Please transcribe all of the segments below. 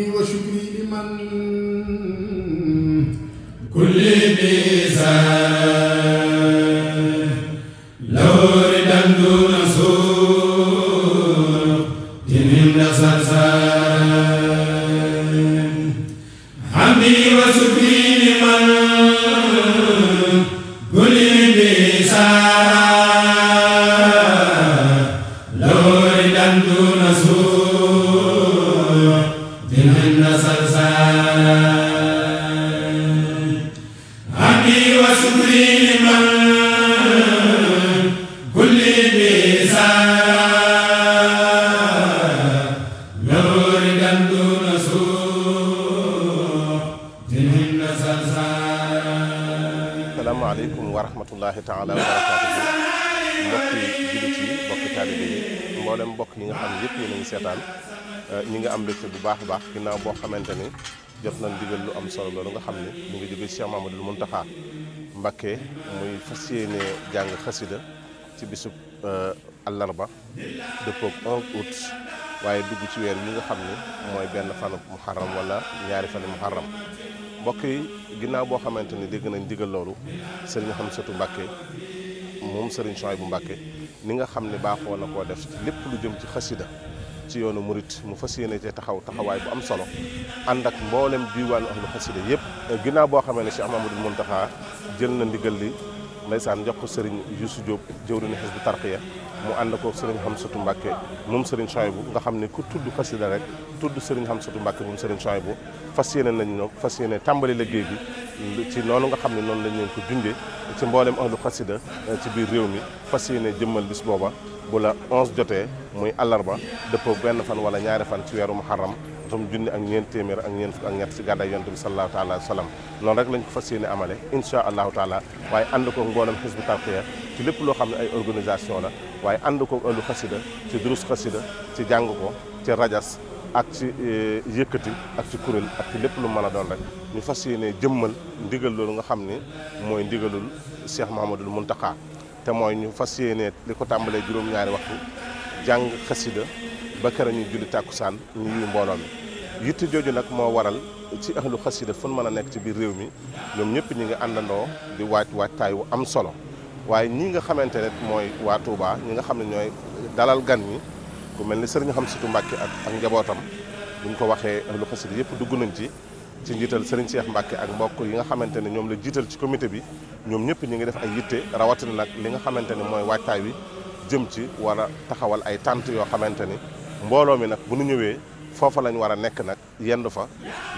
hamdi wa shukri liman kulli bizaan law ridan duna suur tinin da sarsaan hamdi wa shukri liman kulli bizaan law ridan duna suur wa rahmatullahi taala wa mbokki jullit yi mbokki taalibe yi mboolem mbokk yi nga xam yëpp yéen a seetaan euh, ñi nga am mbégte bu baax a baax ginnaaw boo xamante ni jot nañ digal lu am solo loolu nga xam ne mu ngi jóge Cheikh Mamadou Mountakha Mbacké muy fas yéene jàng xasida ci bisub euh, àllarba dëppoog 1 août waaye dugg ci weer yi nga xam ne mooy benn fanu muharram wala ñaari fanu muharram mbokk yi ginnaaw boo xamante ni dégg nañ digal loolu xam Xamsatu Mbàkke moom sëriñ bu Mbàkke ni nga xam ne baaxoo na koo def lépp lu jëm ci xasida ci yoonu murit mu fas yéene ci taxaw taxawaay bu am solo ànd ak mboolem diiwaanu ahlu xasida yëpp ginnaaw boo xamee ne Cheikh Mamadou Muntaxa jël na ndigal li ndeysaan jox ko sëriñ Youssou Diop jëwriñu Hizbut Tarqiyyah mu ànd koog Serigne Hamsatu Mbacke moom Serigne Souhaïbou nga xam ne ku tudd xasida rek tudd xam Hamsatu Mbacke moom Serigne Souhaïbou fas yéene nañ ñoom fas yéene tàmbali liggéey bi ci noonu nga xam ne noonu lañ leen ko dundee ci mboolem ahlu xasida euh, ci biir réew mi fas yéene jëmmal bis booba bu la 11 jotee muy àllarba dëppoo benn fan wala ñaare fan ci weeru muharram atum junni ak ñeent téeméer ak ñeen fukk ak ñett si gàddaay yonent bi sallallahu taala wa sallam noonu rek lañ ko fas yéene amale incha allahu taala waaye ànd ko mboolem xisbu tarqiya ci lépp loo xam ne ay organisation la waaye ànd ko ëllu xasida ci durus xasida ci jàng ko ci rajas ak ci eh, yëkkati ak ci kuréel ak ci lépp lu mën a doon rek ñu fas yéene jëmmal ndigal loolu nga xam ni mooy ndigalul Cheikh Mahamadul Muntaqa te mooy ñu fas yéene li ko tàmbalee juróom-ñaari jàng xasida ba keroog ñu julli tàkkusaan ñu yuy mbooloo yitte jooju nag moo waral ci ahlu xasida fu mën a nekk ci biir réew mi ñoom ñëpp ñi ngi àndandoo di waaj waajtaay wu am solo waaye ñi nga xamante ne mooy waa Touba ñi nga xam ne ñooy dalal gan ñi ku mel ni sëriñ xam situ Mbàkke ak ak njabootam buñ ko waxee ahlu yëpp dugg nañ ci ci njiital sëriñ Cheikh Mbacke ak mbokk yi nga xamante ne ñoom la jiital ci comité bi ñoom ñëpp ñu ngi def ay yitte rawatina nag li nga xamante ne mooy waajtaay wi jëm ci war a taxawal ay tànt yoo xamante ni mbooloo mi nag bu nu ñëwee foofa lañ war a nekk nag yendu fa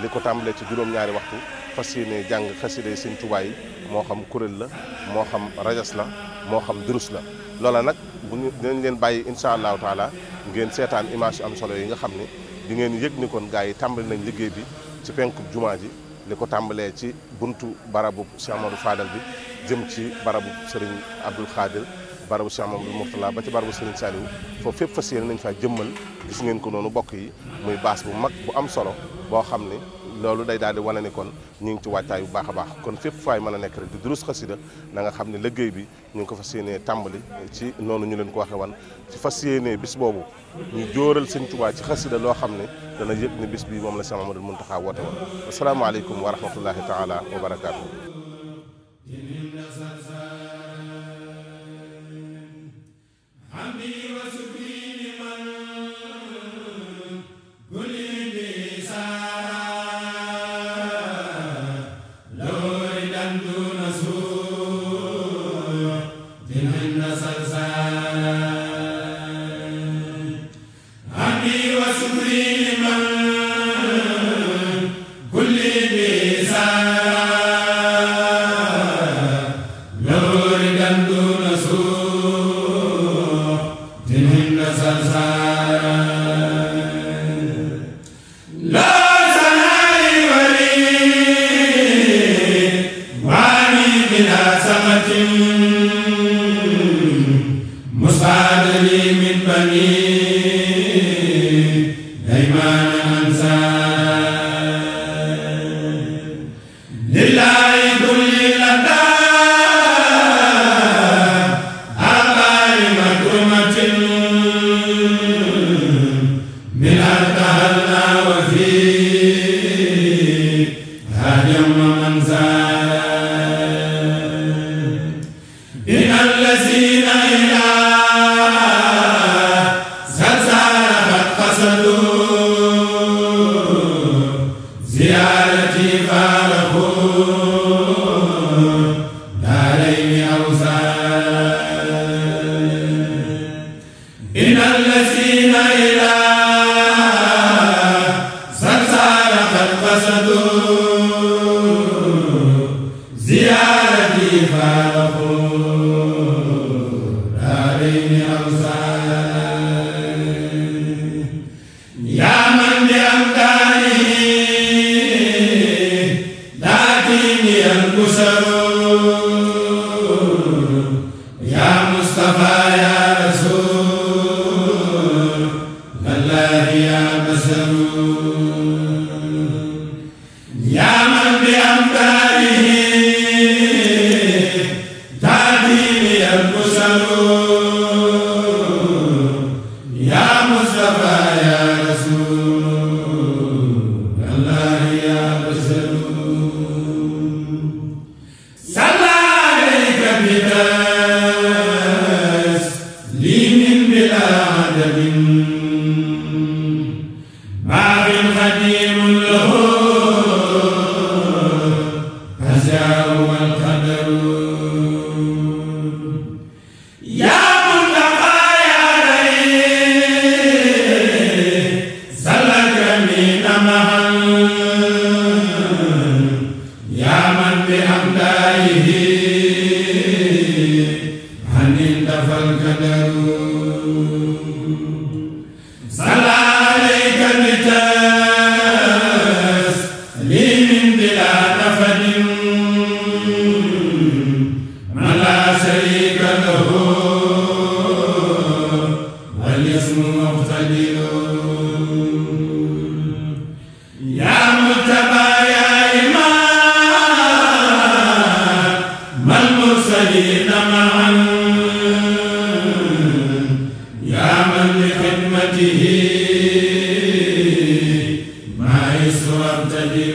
li ko tàmbalee ci juróom-ñaari waxtu fas yéene jàng xasida yi Sëñ Tuubaa yi moo xam kuréel la moo xam rajas la moo xam durus la loola nag bu ñu dinañ leen bàyyi incha allahu taala ngeen seetaan image am solo yi nga xam ne di ngeen yëg ni kon gars yi tàmbali nañ liggéey bi ci penku jumaa ji li ko tàmbalee ci buntu barabu Cheikh Amadou Fadal bi jëm ci barabu Serigne Abdoul Khadir barabu Cheikh Mamadou Mourtala ba ci barabu Serigne Saliou foofu fépp fas yéene nañ faa jëmmal gis ngeen ko noonu bokk yi muy baas bu mag bu am solo boo xam ne loolu day daal di wane ni kon ñu ngi ci waajtaay bu baax a baax kon fépp faay man a nekk rek di durus xasida na nga xam ne liggéey bi ñu ngi ko fas yéenee tàmbali ci noonu ñu leen ko waxee wan ci fas yéenee bis boobu ñu jóoral sëñ Tuubaa ci xasida loo xam ne dana yëg ni bis bi moom la Cheikh Mamadou Mountakha woote woon asalaamaaleykum wa rahmatullahi taala wa barakaatu lillahi kulli la lahu البلاد من ta حيث أبتدئ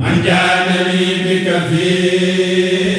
man jaanani bika fi